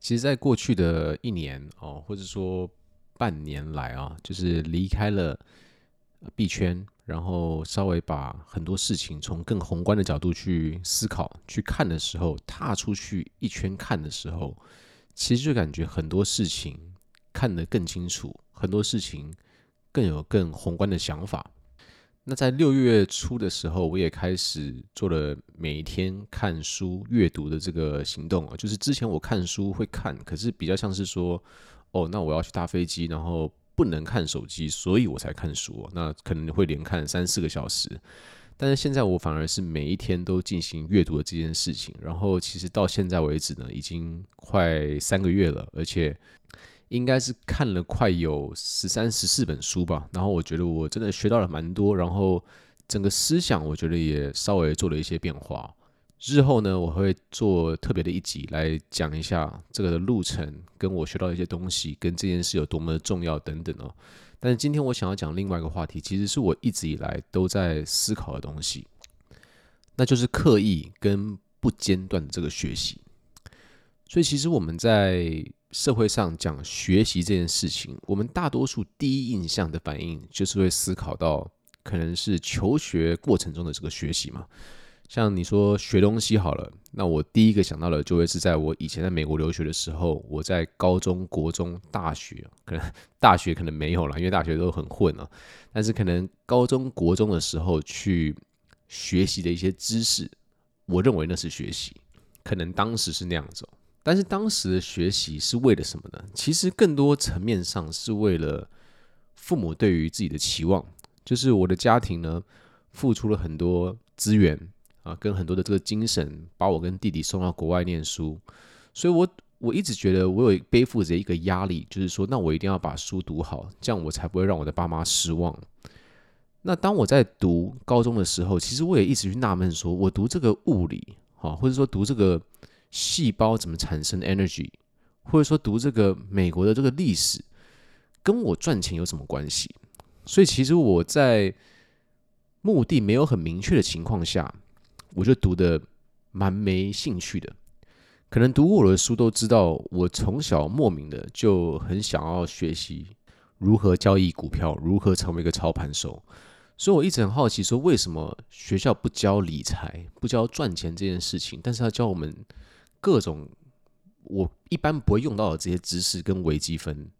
其實，在過去的一年哦，或者說半年來啊，就是離開了幣圈，然後稍微把很多事情從更宏觀的角度去思考、去看的時候，踏出去一圈看的時候，其實就感覺很多事情看得更清楚，很多事情更有更宏觀的想法。那在六月初的時候，我也開始做了每一天看書閱讀的這個行動啊，就是之前我看書會看，可是比較像是說，哦，那我要去搭飛機，然後不能看手機，所以我才看書啊。那可能會連看三四個小時，但是現在我反而是每一天都進行閱讀的這件事情，然後其實到現在為止呢，已經快三個月了，而且。應該是看了快有十三、十四本書吧，然後我覺得我真的學到了蠻多，然後整個思想我覺得也稍微做了一些變化。日後呢，我會做特別的一集來講一下這個的路程，跟我學到一些東西，跟這件事有多麼的重要等等哦。但是今天我想要講另外一個話題，其實是我一直以來都在思考的東西，那就是刻意跟不間斷的這個學習。所以其實我們在。社會上講學習這件事情，我們大多數第一印象的反應就是會思考到，可能是求學過程中的這個學習嘛。像你說學東西好了，那我第一個想到的就會是在我以前在美國留學的時候，我在高中國中大學，可能大學可能沒有啦，因為大學都很混啊。但是可能高中國中的時候去學習的一些知識，我認為那是學習，可能當時是那樣子哦。但是當時的學習是為了什麼呢？其實更多層面上是為了父母對於自己的期望，就是我的家庭呢付出了很多資源啊，跟很多的這個精神，把我跟弟弟送到國外念書，所以我我一直覺得我有背負着一個壓力，就是說，那我一定要把書讀好，這樣我才不會讓我的爸媽失望。那當我在讀高中的時候，其實我也一直去納悶，說我讀這個物理，哈，啊，或者說讀這個。細胞怎麼產生 energy，或者說讀這個美國的這個歷史，跟我賺錢有什麼關係？所以其實我在目的沒有很明確的情況下，我就讀得蠻沒興趣的。可能讀過我的書都知道，我從小莫名的就很想要學習如何交易股票，如何成為一個操盤手。所以我一直很好奇，說為什麼學校不教理財，不教賺錢這件事情，但是他教我們。各種我一般不會用到的這些知識跟微積分，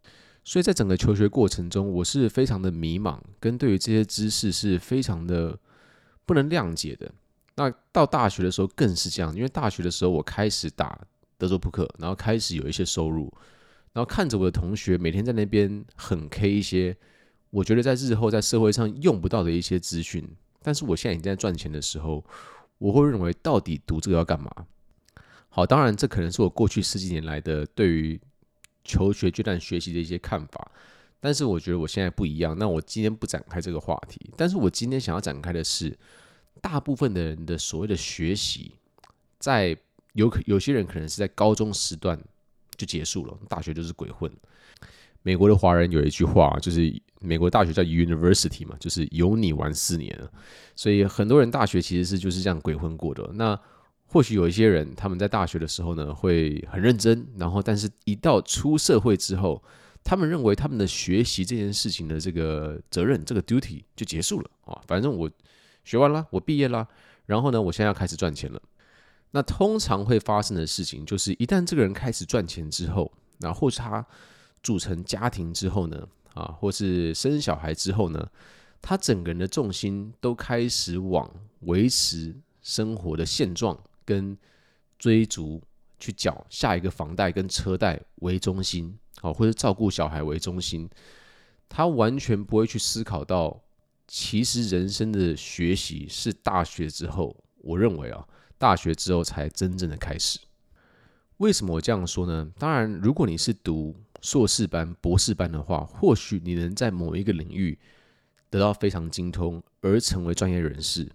所以在整個求學過程中，我是非常的迷茫，跟對於這些知識是非常的不能諒解的。那到大學的時候更是這樣，因為大學的時候我開始打德州撲克，然後開始有一些收入，然後看着我的同學每天在那邊很 K 一些，我覺得在日後在社會上用不到的一些資訊，但是我現在已經在賺錢的時候，我會認為到底讀這個要幹嘛？好，當然，這可能是我過去十幾年來的對於求學階段學習的一些看法，但是我覺得我現在不一樣。那我今天不展開這個話題，但是我今天想要展開的是，大部分的人的所謂的學習在，在有有些人可能是在高中時段就結束了，大學就是鬼混。美國的華人有一句話，就是美國大學叫 University 嘛，就是由你玩四年，所以很多人大學其實是就是這樣鬼混過的。那。或許有一些人，他們在大學的時候呢，會很認真，然後，但是一到出社會之後，他們認為他們的學習這件事情的這個責任、這個 duty 就結束了啊，反正我學完了，我畢業了，然後呢，我現在要開始賺錢了。那通常會發生的事情，就是一旦這個人開始賺錢之後，那或是他組成家庭之後呢，啊，或是生小孩之後呢，他整個人的重心都開始往維持生活的現狀。跟追逐去繳下一個房貸跟車貸為中心，好、哦，或者照顧小孩為中心，他完全不會去思考到，其實人生的學習是大學之後，我認為啊、哦，大學之後才真正的開始。為什麼我這樣說呢？當然，如果你是讀碩士班、博士班的話，或許你能在某一個領域得到非常精通，而成為專業人士，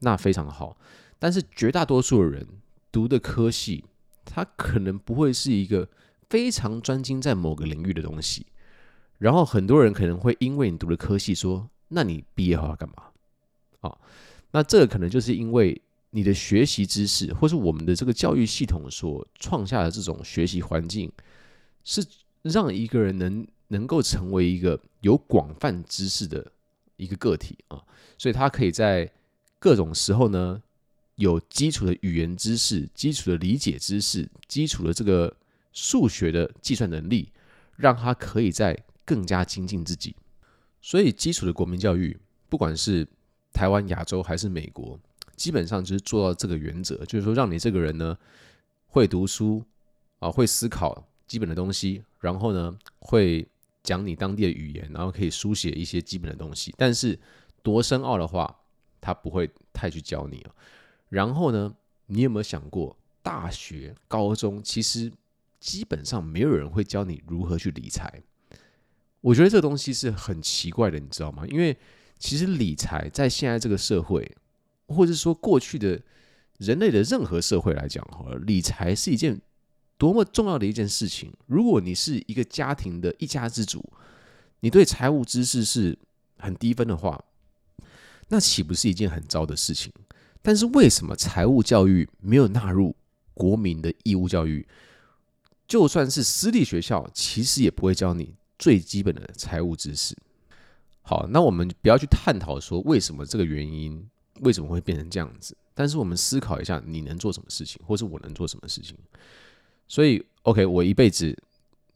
那非常好。但是絕大多數的人讀的科系，他可能不會是一個非常專精在某個領域的東西。然後很多人可能會因為你讀的科系說，那你畢業後要幹嘛？啊、哦，那這個可能就是因為你的學習知識，或是我們的這個教育系統所創下的這種學習環境，是讓一個人能能夠成為一個有廣泛知識的一個個體啊、哦，所以他可以在各種時候呢，有基礎的語言知識、基礎的理解知識、基礎的這個數學的計算能力，讓他可以再更加精進自己。所以，基礎的國民教育，不管是台灣、亞洲還是美國，基本上就是做到這個原則，就是說，讓你這個人呢會讀書啊，會思考基本的東西，然後呢會講你當地的語言，然後可以書寫一些基本的東西。但是，多深奧的話，他不會太去教你了啊。然後呢，你有沒有想過，大學、高中其實基本上沒有人會教你如何去理財？我覺得這個東西是很奇怪的，你知道嗎？因為其實理財在現在這個社會，或者說過去的人類的任何社會來講，吼，理財是一件多麼重要的一件事情。如果你是一個家庭的一家之主，你對財務知識是很低分的話，那豈不是一件很糟的事情？但是為什麼財務教育，沒有納入國民的義務教育？就算是私立學校，其實也不會教你最基本的財務知識。好，那我們不要去探討說為什麼這個原因為什麼會變成這樣子。但是我們思考一下，你能做什麼事情，或是我能做什麼事情。所以，OK，我一輩子，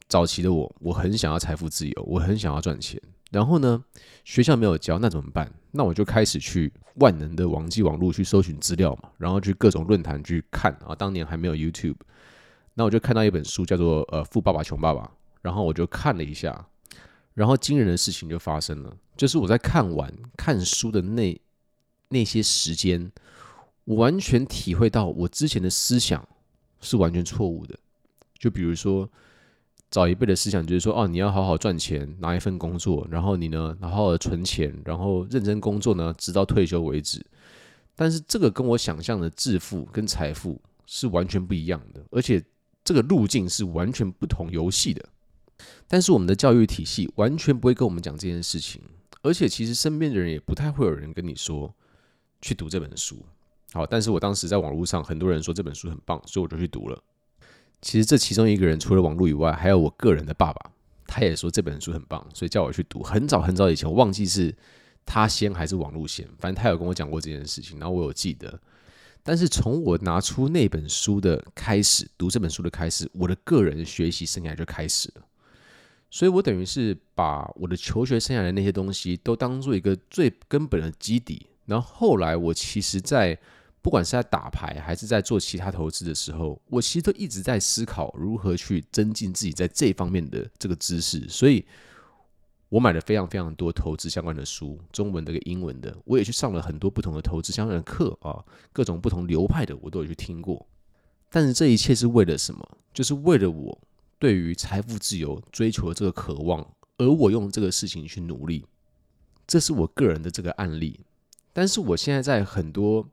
早期的我，我很想要財富自由，我很想要賺錢。然後呢，學校沒有教，那怎麼辦？那我就開始去萬能的網際網路去搜尋資料嘛，然後去各種論壇去看。啊，當年還沒有 YouTube，那我就看到一本書叫做呃，《富爸爸窮爸爸》，然後我就看了一下，然後驚人的事情就發生了，就是我在看完看書的那那些時間，我完全體會到我之前的思想是完全錯誤的。就比如說。早一輩的思想就是說，哦，你要好好賺錢，拿一份工作，然後你呢，好好存錢，然後認真工作呢，直到退休為止。但是這個跟我想象的致富跟財富是完全不一樣的，而且這個路徑是完全不同遊戲的。但是我們的教育體系完全不會跟我們講這件事情，而且其實身邊的人也不太會有人跟你說去讀這本書。好，但是我當時在網絡上很多人說這本書很棒，所以我就去讀了。其實這其中一個人除了網絡以外，還有我個人的爸爸，他也說這本書很棒，所以叫我去讀。很早很早以前，我忘記是他先還是網絡先，反正他有跟我講過這件事情，然後我有記得。但是從我拿出那本書的開始，讀這本書的開始，我的個人學習生涯就開始了。所以我等於是把我的求學生涯的那些東西都當做一個最根本的基底，然後後來我其實在。不管是在打牌還是在做其他投資的時候，我其實都一直在思考如何去增進自己在這方面的這個知識。所以，我買了非常非常多投資相關的書，中文的跟英文的，我也去上了很多不同的投資相關的課啊，各種不同流派的，我都有去聽過。但是這一切是為了什麼？就是為了我對於財富自由追求的這個渴望，而我用這個事情去努力。這是我個人的這個案例。但是我現在在很多。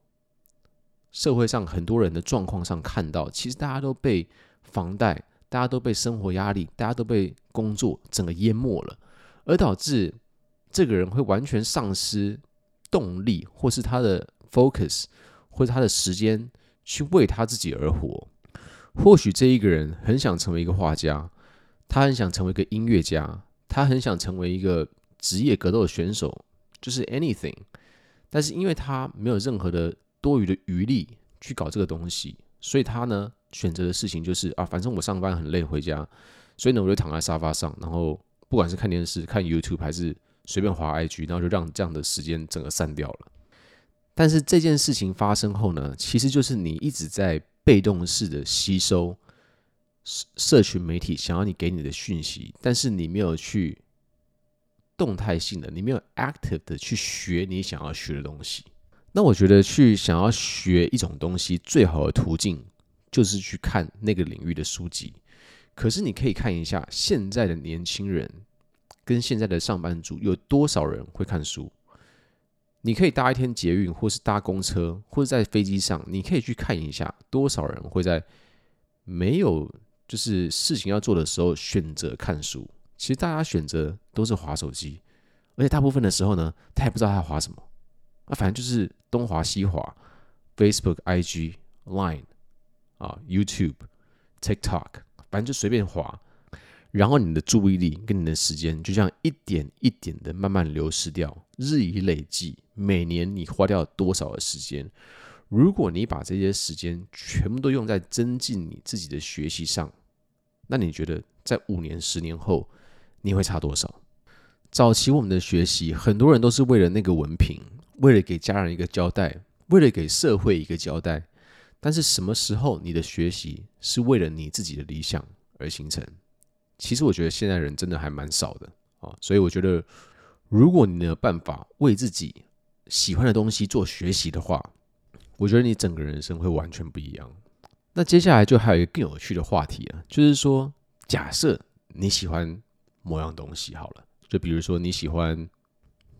社會上很多人的狀況上看到，其實大家都被房貸，大家都被生活壓力，大家都被工作整個淹沒了，而導致這個人會完全喪失動力，或是他的 focus，或是他的時間去為他自己而活。或許這一個人很想成為一個畫家，他很想成為一個音樂家，他很想成為一個職業格鬥的選手，就是 anything。但是因為他沒有任何的。多餘的餘力去搞這個東西，所以他呢選擇的事情就是啊，反正我上班很累，回家，所以呢我就躺在沙發上，然後不管是看電視、看 YouTube 還是隨便滑 IG，然後就讓這樣的時間整個散掉了。但是這件事情發生後呢，其實就是你一直在被動式的吸收社社群媒體想要你給你的訊息，但是你沒有去動態性的，你沒有 active 的去學你想要學的東西。那我覺得去想要學一種東西，最好的途徑就是去看那個領域的書籍。可是你可以看一下現在的年輕人跟現在的上班族，有多少人會看書？你可以搭一天捷運，或是搭公車，或者在飛機上，你可以去看一下多少人會在沒有就是事情要做的時候選擇看書。其實大家選擇都是滑手機，而且大部分的時候呢，他也不知道他滑什麼。那、啊、反正就是東滑西滑 Facebook、IG、Line，啊，YouTube、TikTok，反正就隨便滑，然後你的注意力跟你的時間，就這樣一點一點的慢慢流失掉，日以累積，每年你花掉多少的時間？如果你把這些時間全部都用在增進你自己的學習上，那你覺得在五年、十年後你會差多少？早期我們的學習，很多人都是為了那個文憑。為了給家人一個交代，為了給社會一個交代，但是什麼時候你的學習是為了你自己的理想而形成？其實我覺得現在人真的還蠻少的啊，所以我覺得，如果你有辦法為自己喜歡的東西做學習的話，我覺得你整個人生會完全不一樣。那接下來就還有一個更有趣的話題啊，就是說，假設你喜歡某樣東西，好了，就比如說你喜歡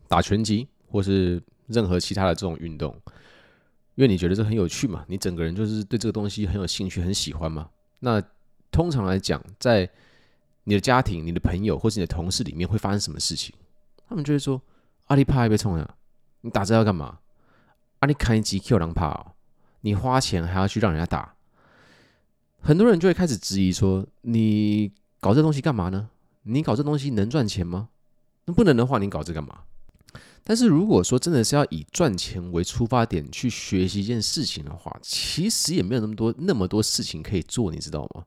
打拳擊，或是任何其他的這種運動，因為你覺得這很有趣嘛。你整個人就是對這個東西很有興趣、很喜歡嘛。那通常來講，在你的家庭、你的朋友或是你的同事裡面會發生什麼事情？他們就會說：“阿里怕還被衝了，你打這要幹嘛？”阿里開 GQ 狼怕、喔，你花錢還要去讓人家打，很多人就會開始質疑說：“你搞這東西幹嘛呢？你搞這東西能賺錢嗎？那不能的話，你搞這幹嘛？”但是如果說真的是要以賺錢為出發點去學習一件事情的話，其實也沒有那麼多那麼多事情可以做，你知道嗎？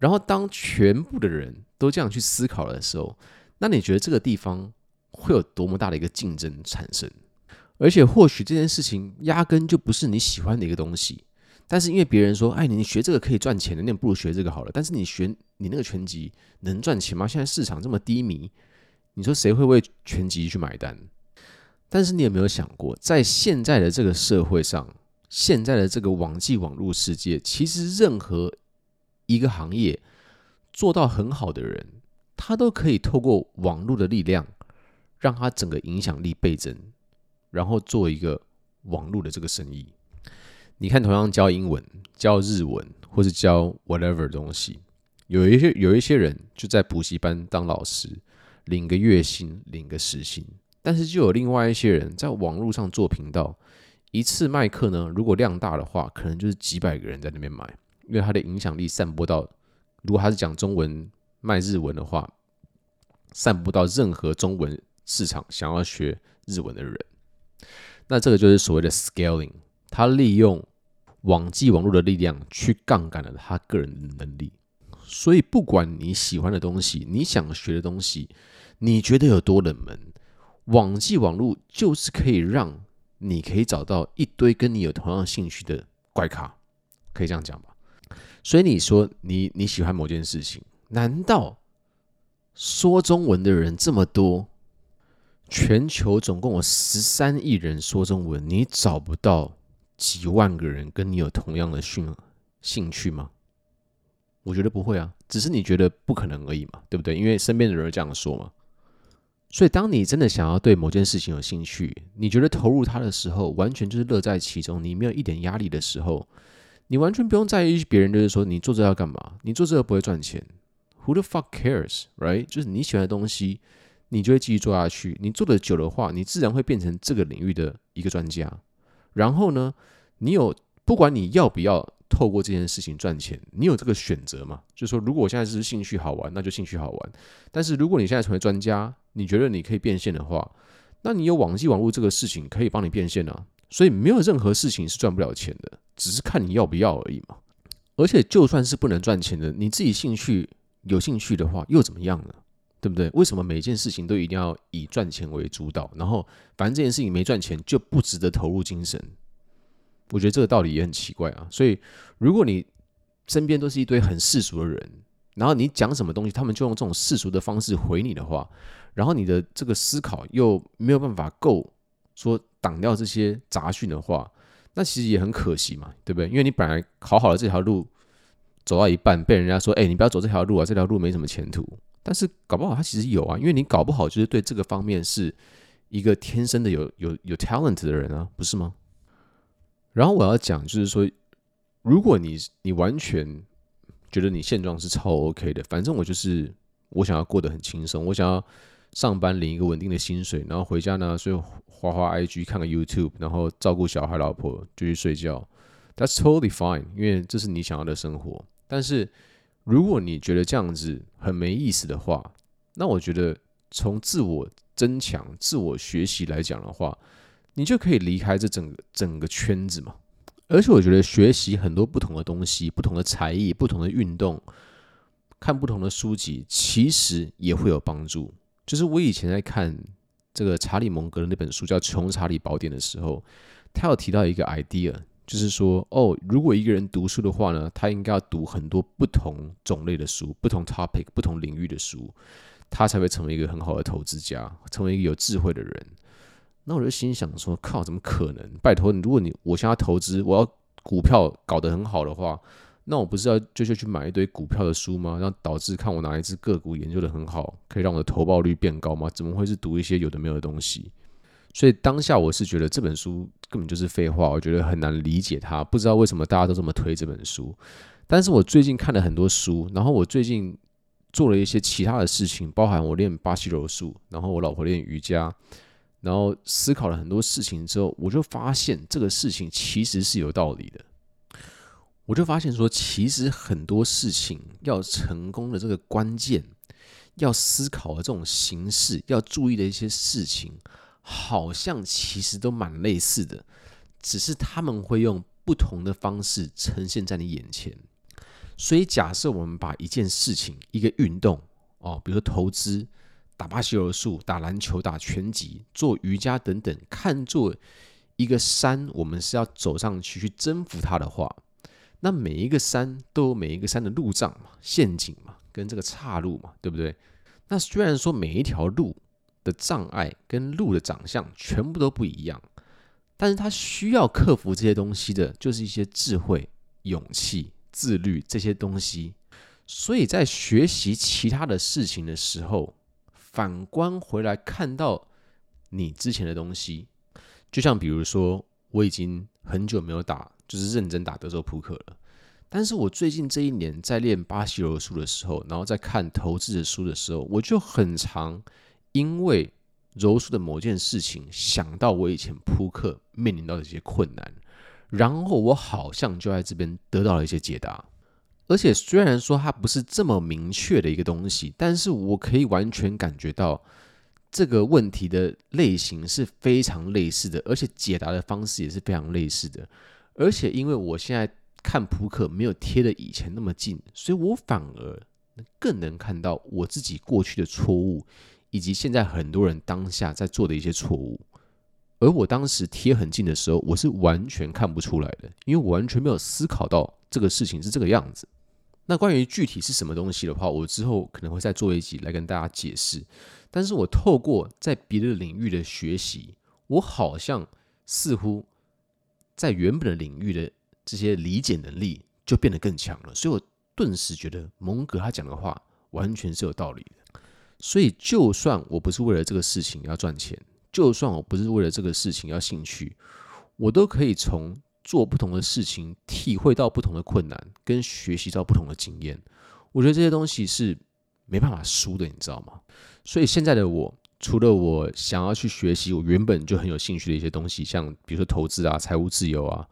然後當全部的人都這樣去思考的時候，那你覺得這個地方會有多麼大的一個競爭產生？而且或許這件事情壓根就不是你喜歡的一個東西。但是因為別人說，哎，你學這個可以賺錢的，那不如學這個好了。但是你學你那個拳擊能賺錢嗎？現在市場這麼低迷，你說誰會為拳擊去買單？但是你有沒有想過，在現在的這個社會上，現在的這個網際網絡世界，其實任何一個行業做到很好的人，他都可以透過網絡的力量，讓他整個影響力倍增，然後做一個網絡的這個生意。你看，同樣教英文、教日文，或是教 whatever 東西，有一些有一些人就在補習班當老師，領個月薪，領個時薪。但是就有另外一些人在網絡上做頻道，一次賣課呢？如果量大的話，可能就是幾百個人在那邊買，因為他的影響力散播到，如果他是講中文賣日文的話，散播到任何中文市場想要學日文的人，那這個就是所謂的 scaling，他利用網際網絡的力量去槓桿了他個人的能力。所以不管你喜歡的東西，你想學的東西，你覺得有多冷門。網際網絡就是可以讓你可以找到一堆跟你有同樣的興趣的怪咖，可以這樣講吧。所以你說你你喜歡某件事情，難道說中文的人這麼多？全球總共有十三億人說中文，你找不到幾萬個人跟你有同樣的興興趣嗎？我覺得不會啊，只是你覺得不可能而已嘛，對不對？因為身邊的人會這樣說嘛。所以，當你真的想要對某件事情有興趣，你覺得投入它的時候，完全就是樂在其中，你沒有一點壓力的時候，你完全不用在意別人，就是說你做這要幹嘛，你做這個不會賺錢，Who the fuck cares，right？就是你喜歡的東西，你就會繼續做下去。你做得久的話，你自然會變成這個領域的一個專家。然後呢，你有不管你要不要透過這件事情賺錢，你有這個選擇嘛？就是說，如果我現在只是興趣好玩，那就興趣好玩。但是如果你現在成為專家，你覺得你可以變現的話，那你有網際網絡這個事情可以幫你變現啊，所以沒有任何事情是賺不了錢的，只是看你要不要而已嘛。而且就算是不能賺錢的，你自己興趣有興趣的話又怎麼樣呢？對不對？為什麼每件事情都一定要以賺錢為主導？然後反正這件事情沒賺錢就不值得投入精神？我覺得這個道理也很奇怪啊。所以如果你身邊都是一堆很世俗的人，然後你講什麼東西，他們就用這種世俗的方式回你的話。然後你的這個思考又沒有辦法夠說擋掉這些雜訊的話，那其實也很可惜嘛，對不對？因為你本來考好了這條路走到一半，被人家說：“哎、欸，你不要走這條路啊，這條路沒什麼前途。”但是搞不好他其實有啊，因為你搞不好就是對這個方面是一個天生的有有有 talent 的人啊，不是嗎？然後我要講就是說，如果你你完全覺得你現狀是超 OK 的，反正我就是我想要過得很輕鬆，我想要。上班領一個穩定的薪水，然後回家呢，所以滑滑 IG 看個 YouTube，然後照顧小孩、老婆，就去睡覺。That's totally fine，因為這是你想要的生活。但是如果你覺得這樣子很沒意思的話，那我覺得從自我增強、自我學習來講的話，你就可以離開這整個整個圈子嘛。而且我覺得學習很多不同的東西、不同的才藝、不同的運動、看不同的書籍，其實也會有幫助。就是我以前在看這個查理蒙格的那本書，叫《窮查理寶典》的時候，他有提到一個 idea，就是說，哦，如果一個人讀書的話呢，他應該要讀很多不同種類的書、不同 topic、不同領域的書，他才會成為一個很好的投資家，成為一個有智慧的人。那我就心想說，靠，怎麼可能？拜托你，如果你我想要投資，我要股票搞得很好的話。那我不是要就就去買一堆股票的書嗎？那導致看我哪一只個股研究得很好，可以讓我的投報率變高嗎？怎麼會是讀一些有的沒有的東西？所以當下我是覺得這本書根本就是廢話，我覺得很難理解它。不知道為什麼大家都這麼推這本書。但是我最近看了很多書，然後我最近做了一些其他的事情，包含我練巴西柔術，然後我老婆練瑜伽，然後思考了很多事情之後，我就發現這個事情其實是有道理的。我就發現說，其實很多事情要成功的這個關鍵，要思考的這種形式，要注意的一些事情，好像其實都蠻類似的，只是他們會用不同的方式呈現在你眼前。所以，假設我們把一件事情、一個運動哦，比如投資、打巴西柔術、打籃球、打拳擊、做瑜伽等等，看作一個山，我們是要走上去去征服它的話。那每一個山都有每一個山的路障嘛、陷阱嘛，跟這個岔路嘛，對不對？那雖然說每一條路的障礙跟路的長相全部都不一樣，但是他需要克服這些東西的，就是一些智慧、勇氣、自律這些東西。所以在學習其他的事情的時候，反觀回來看到你之前的東西，就像比如說，我已經很久沒有打，就是認真打德州撲克了。但是我最近這一年在練巴西柔術的時候，然後在看投資的書的時候，我就很常因為柔術的某件事情想到我以前撲克面臨到的一些困難，然後我好像就在這邊得到了一些解答。而且雖然說它不是這麼明確的一個東西，但是我可以完全感覺到這個問題的類型是非常類似的，而且解答的方式也是非常類似的。而且，因為我現在看撲克沒有貼的以前那麼近，所以我反而更能看到我自己過去的錯誤，以及現在很多人當下在做的一些錯誤。而我當時貼很近的時候，我是完全看不出來的，因為我完全沒有思考到這個事情是這個樣子。那關於具體是什麼東西的話，我之後可能會再做一集來跟大家解釋。但是我透過在別的領域的學習，我好像似乎。在原本的領域的這些理解能力就變得更強了，所以我頓時覺得蒙格他講的話完全是有道理的。所以，就算我不是為了這個事情要賺錢，就算我不是為了這個事情要興趣，我都可以從做不同的事情體會到不同的困難，跟學習到不同的經驗。我覺得這些東西是沒辦法輸的，你知道嗎？所以現在的我。除了我想要去學習我原本就很有興趣的一些東西，像比如說投資啊、財務自由啊，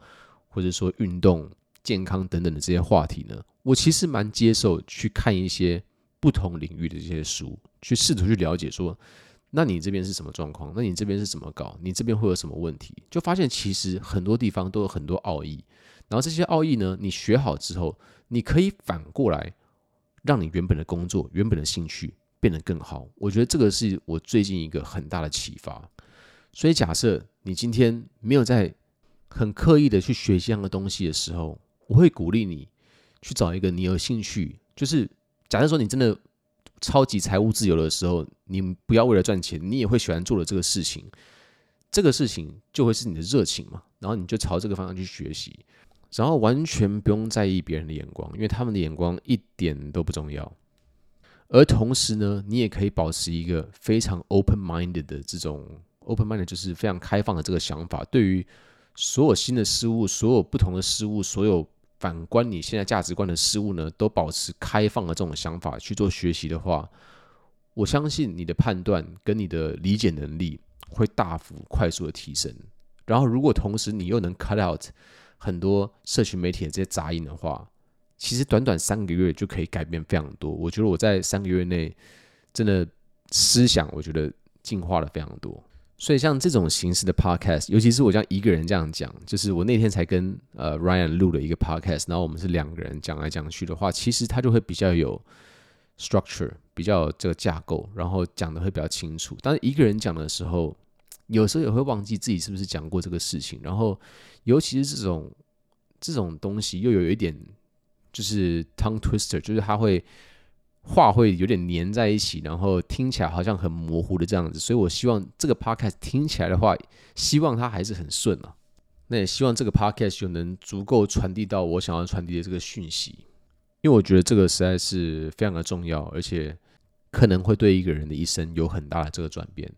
或者說運動、健康等等的這些話題呢，我其實蠻接受去看一些不同領域的這些書，去試圖去了解說，那你這邊是什麼狀況？那你這邊是怎麼搞？你這邊會有什麼問題？就發現其實很多地方都有很多奧義，然後這些奧義呢，你學好之後，你可以反過來讓你原本的工作、原本的興趣。變得更好，我覺得這個是我最近一個很大的啟發。所以，假設你今天沒有在很刻意的去學習那個東西的時候，我會鼓勵你去找一個你有興趣。就是，假設說你真的超級財務自由的時候，你不要為了賺錢，你也會喜歡做的這個事情。這個事情就會是你的熱情嘛，然後你就朝這個方向去學習，然後完全不用在意別人的眼光，因為他們的眼光一點都不重要。而同時呢，你也可以保持一個非常 open minded 的這種 open minded，就是非常開放的這個想法，對於所有新的事物、所有不同的事物、所有反觀你現在價值觀的事物呢，都保持開放的這種想法去做學習的話，我相信你的判斷跟你的理解能力會大幅快速的提升。然後，如果同時你又能 cut out 很多社群媒體的這些雜音的話，其實短短三個月就可以改變非常多。我覺得我在三個月內真的思想，我覺得進化了非常多。所以像這種形式的 podcast，尤其是我這樣一個人這樣講，就是我那天才跟呃 Ryan 錄了一個 podcast，然後我們是兩個人講來講去的話，其實他就會比較有 structure，比較這個架構，然後講的會比較清楚。但是一個人講的時候，有時候也會忘記自己是不是講過這個事情。然後尤其是這種這種東西，又有一點。就是 tongue twister，就是他會話會有點黏在一起，然後聽起來好像很模糊的這樣子。所以我希望這個 podcast 聽起來的話，希望它還是很順啊。那也希望這個 podcast 就能足夠傳遞到我想要傳遞的這個訊息，因為我覺得這個實在是非常的重要，而且可能會對一個人的一生有很大的這個轉變。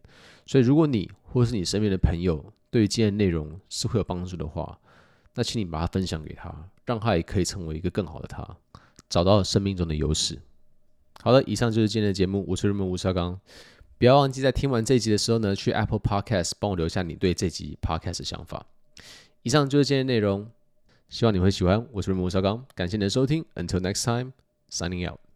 所以，如果你或是你身邊的朋友對於今天內容是會有幫助的話，那請你把它分享給他，讓他也可以成為一個更好的他，找到生命中的優勢。好了，以上就是今天的節目，我是 Raymond 吳紹剛。不要忘記在聽完這一集的時候呢，去 Apple Podcast 幫我留下你對這集 Podcast 的想法。以上就是今天的內容，希望你會喜歡。我是 Raymond 吳紹剛，感謝你的收聽。Until next time, signing out.